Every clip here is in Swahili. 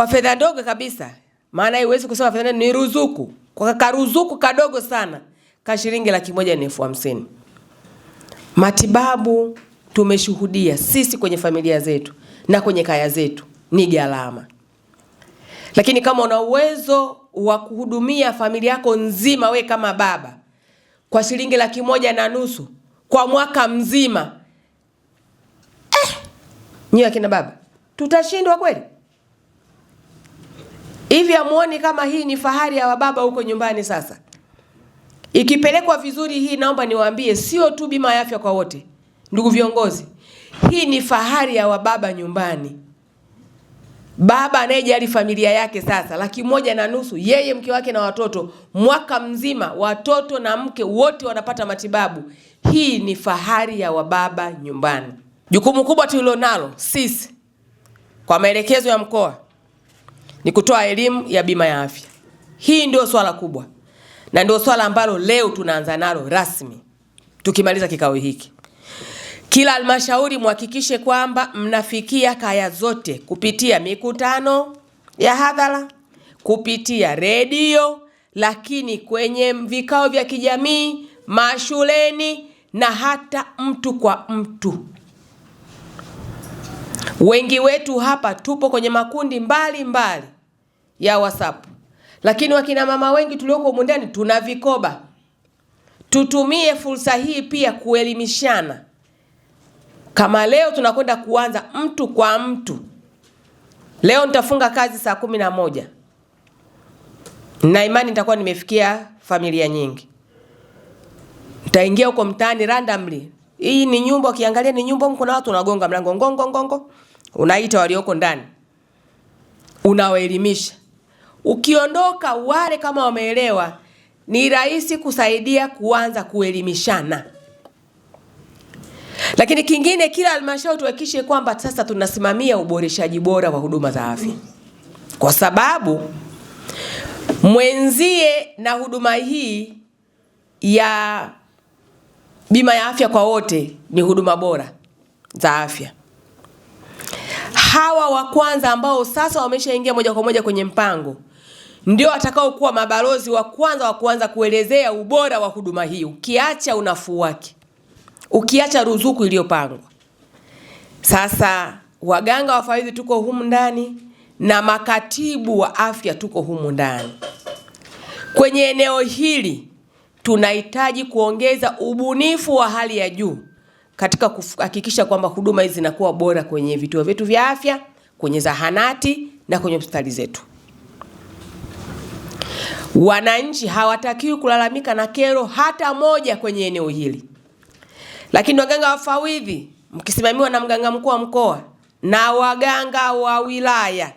kwa fedha ndogo kabisa, maana haiwezi kusema fedha ni ruzuku. Kwa karuzuku kadogo sana ka shilingi laki moja na elfu hamsini. Matibabu tumeshuhudia sisi kwenye familia zetu na kwenye kaya zetu ni gharama, lakini kama una uwezo wa kuhudumia familia yako nzima, we kama baba, kwa shilingi laki moja na nusu kwa mwaka mzima eh, nyiwe akina baba tutashindwa kweli? Hivi amuoni kama hii ni fahari ya wababa huko nyumbani? Sasa ikipelekwa vizuri hii, naomba niwaambie, sio tu bima ya afya kwa wote, ndugu viongozi, hii ni fahari ya wababa nyumbani. Baba anayejali familia yake, sasa laki moja na nusu, yeye mke wake na watoto, mwaka mzima, watoto na mke wote wanapata matibabu. Hii ni fahari ya wababa nyumbani. Jukumu kubwa tulilonalo sisi kwa maelekezo ya mkoa ni kutoa elimu ya bima ya afya. Hii ndio swala kubwa na ndio swala ambalo leo tunaanza nalo rasmi. Tukimaliza kikao hiki, kila halmashauri muhakikishe kwamba mnafikia kaya zote kupitia mikutano ya hadhara, kupitia redio, lakini kwenye vikao vya kijamii, mashuleni na hata mtu kwa mtu. Wengi wetu hapa tupo kwenye makundi mbalimbali mbali ya WhatsApp, lakini wakina mama wengi tulioko humu ndani tuna vikoba. Tutumie fursa hii pia kuelimishana. Kama leo tunakwenda kuanza mtu kwa mtu, leo nitafunga kazi saa kumi na moja na imani nitakuwa nimefikia familia nyingi. Nitaingia huko mtaani randomly. Hii ni nyumba, ukiangalia ni nyumba, kuna watu wanagonga mlango ngongo ngongo unaita walioko ndani, unawaelimisha. Ukiondoka wale kama wameelewa, ni rahisi kusaidia kuanza kuelimishana. Lakini kingine, kila halmashauri tuhakikishe kwamba sasa tunasimamia uboreshaji bora wa huduma za afya, kwa sababu mwenzie na huduma hii ya bima ya afya kwa wote ni huduma bora za afya hawa wa kwanza ambao sasa wameshaingia moja kwa moja kwenye mpango ndio watakaokuwa mabalozi wa kwanza wa kuanza kuelezea ubora wa huduma hii, ukiacha unafuu wake, ukiacha ruzuku iliyopangwa. Sasa waganga wafawidhi tuko humu ndani na makatibu wa afya tuko humu ndani. Kwenye eneo hili tunahitaji kuongeza ubunifu wa hali ya juu katika kuhakikisha kwamba huduma hizi zinakuwa bora kwenye vituo vyetu vya afya, kwenye zahanati na kwenye hospitali zetu. Wananchi hawatakiwi kulalamika na kero hata moja kwenye eneo hili. Lakini waganga wafawidhi mkisimamiwa na mganga mkuu wa mkoa na waganga wa wilaya,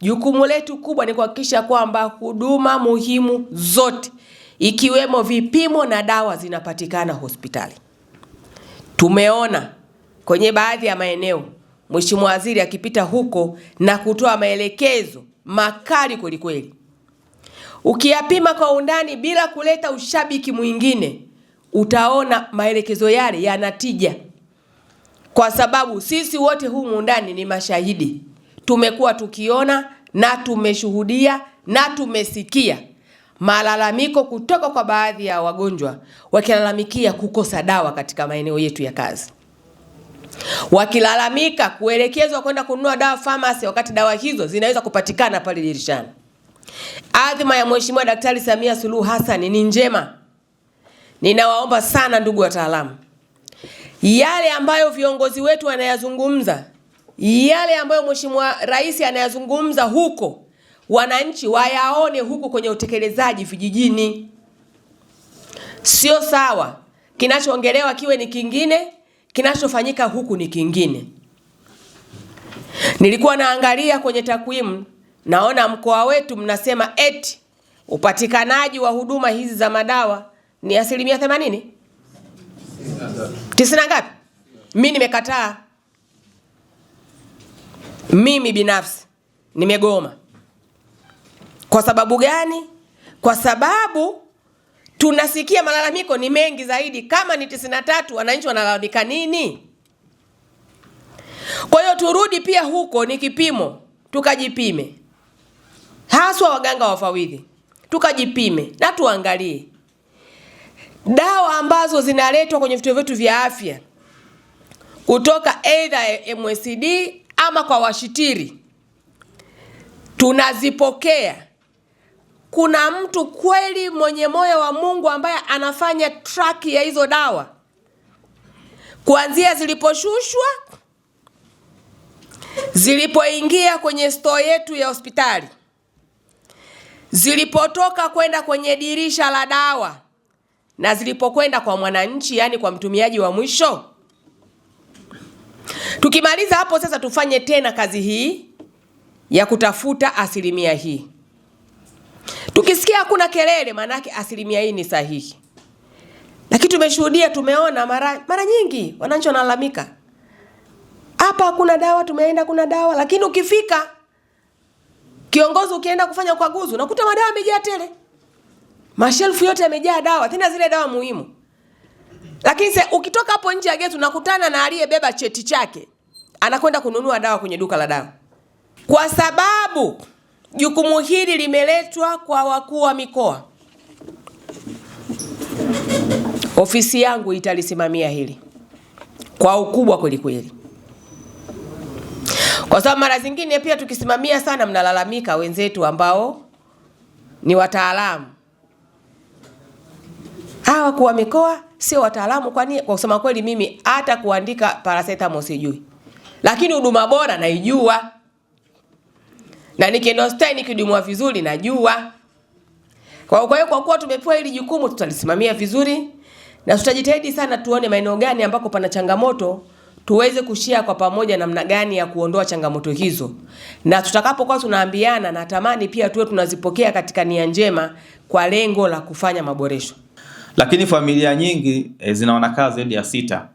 jukumu letu kubwa ni kuhakikisha kwamba huduma muhimu zote ikiwemo vipimo na dawa zinapatikana hospitali. Tumeona kwenye baadhi ya maeneo Mheshimiwa Waziri akipita huko na kutoa maelekezo makali kwelikweli. Ukiyapima kwa undani bila kuleta ushabiki mwingine, utaona maelekezo yale yanatija, kwa sababu sisi wote humu ndani ni mashahidi, tumekuwa tukiona na tumeshuhudia na tumesikia malalamiko kutoka kwa baadhi ya wagonjwa wakilalamikia kukosa dawa katika maeneo yetu ya kazi, wakilalamika kuelekezwa kwenda kununua dawa famasi, wakati dawa hizo zinaweza kupatikana pale dirishani. Adhima ya Mheshimiwa Daktari Samia Suluhu Hassan ni njema. Ninawaomba sana ndugu wataalamu, yale ambayo viongozi wetu wanayazungumza, yale ambayo Mheshimiwa Rais anayazungumza huko wananchi wayaone huko kwenye utekelezaji vijijini. Sio sawa kinachoongelewa kiwe ni kingine, kinachofanyika huku ni kingine. Nilikuwa naangalia kwenye takwimu, naona mkoa wetu mnasema eti upatikanaji wa huduma hizi za madawa ni asilimia themanini tisini na ngapi? Mi nimekataa, mimi binafsi nimegoma. Kwa sababu gani? Kwa sababu tunasikia malalamiko ni mengi zaidi. Kama ni tisini na tatu, wananchi wanalalamika nini? Kwa hiyo turudi pia huko, ni kipimo, tukajipime, haswa waganga wafawidhi, tukajipime na tuangalie dawa ambazo zinaletwa kwenye vituo vyetu vya afya kutoka either MSD ama kwa washitiri tunazipokea kuna mtu kweli mwenye moyo wa Mungu ambaye anafanya track ya hizo dawa kuanzia ziliposhushwa, zilipoingia kwenye store yetu ya hospitali, zilipotoka kwenda kwenye dirisha la dawa na zilipokwenda kwa mwananchi, yaani kwa mtumiaji wa mwisho. Tukimaliza hapo sasa, tufanye tena kazi hii ya kutafuta asilimia hii. Ukisikia hakuna kelele, maana yake asilimia hii ni sahihi. Lakini tumeshuhudia, tumeona mara mara nyingi wananchi wanalalamika, hapa hakuna dawa, tumeenda kuna dawa, lakini ukifika kiongozi, ukienda kufanya ukaguzi, unakuta madawa yamejaa tele, mashelfu yote yamejaa dawa, tena zile dawa muhimu. Lakini se, ukitoka hapo nje ya geti unakutana na aliyebeba cheti chake anakwenda kununua dawa kwenye duka la dawa kwa sababu jukumu hili limeletwa kwa wakuu wa mikoa. Ofisi yangu italisimamia hili kwa ukubwa kweli kweli, kwa sababu mara zingine pia tukisimamia sana, mnalalamika wenzetu ambao ni wataalamu. Hawa wakuu wa mikoa sio wataalamu. Kwani kwa kusema kweli, mimi hata kuandika paracetamol sijui, lakini huduma bora naijua na nikienda hospitali nikidumua vizuri najua. Kwa hiyo kwa kuwa tumepewa hili jukumu tutalisimamia vizuri na tutajitahidi sana, tuone maeneo gani ambako pana changamoto tuweze kushia kwa pamoja namna gani ya kuondoa changamoto hizo, na tutakapokuwa tunaambiana, natamani pia tuwe tunazipokea katika nia njema kwa lengo la kufanya maboresho. Lakini familia nyingi e, zinaona kaya zaidi ya sita,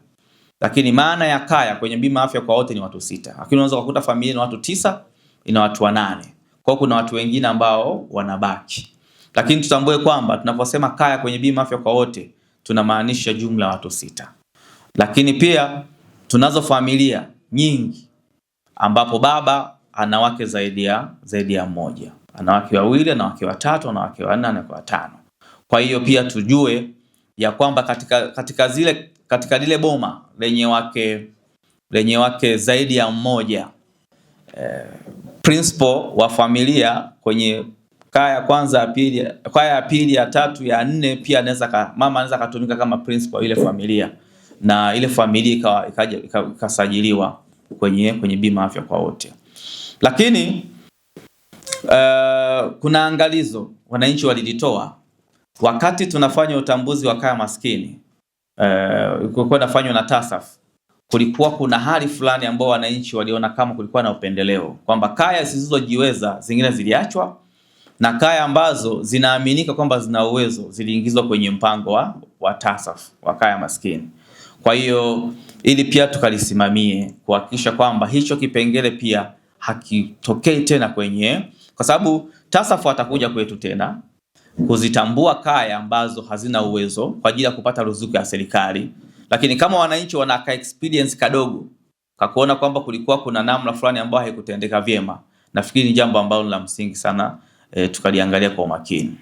lakini maana ya kaya kwenye bima afya kwa wote ni watu sita, lakini unaweza kukuta familia ni watu tisa ina watu wanane. Kwa hiyo kuna watu wengine ambao wanabaki, lakini tutambue kwamba tunaposema kaya kwenye bima afya kwa wote tunamaanisha jumla watu sita, lakini pia tunazo familia nyingi ambapo baba ana wake zaidi ya zaidi ya mmoja, ana wake wawili, ana wake watatu, ana wake wanne, ana wake watano. Kwa hiyo pia tujue ya kwamba katika katika zile katika lile boma lenye wake lenye wake zaidi ya mmoja eh, principal wa familia kwenye kaya ya kwanza ya pili, kaya ya pili ya tatu ya nne, pia anaweza mama anaweza akatumika kama principal ile familia, na ile familia ikasajiliwa kwenye, kwenye bima afya kwa wote. Lakini uh, kuna angalizo wananchi walilitoa wakati tunafanya utambuzi wa kaya maskini uh, eh, ilikuwa inafanywa na TASAF kulikuwa kuna hali fulani ambao wananchi waliona kama kulikuwa na upendeleo kwamba kaya zisizojiweza zingine ziliachwa na kaya ambazo zinaaminika kwamba zina uwezo ziliingizwa kwenye mpango wa, wa TASAF wa kaya maskini. Kwa hiyo ili pia tukalisimamie kuhakikisha kwamba hicho kipengele pia hakitokei tena kwenye, kwa sababu TASAF atakuja kwetu tena kuzitambua kaya ambazo hazina uwezo kwa ajili ya kupata ruzuku ya serikali. Lakini kama wananchi wanaka experience kadogo kakuona kwamba kulikuwa kuna namna fulani ambayo haikutendeka vyema, nafikiri ni jambo ambalo la msingi sana e, tukaliangalia kwa umakini.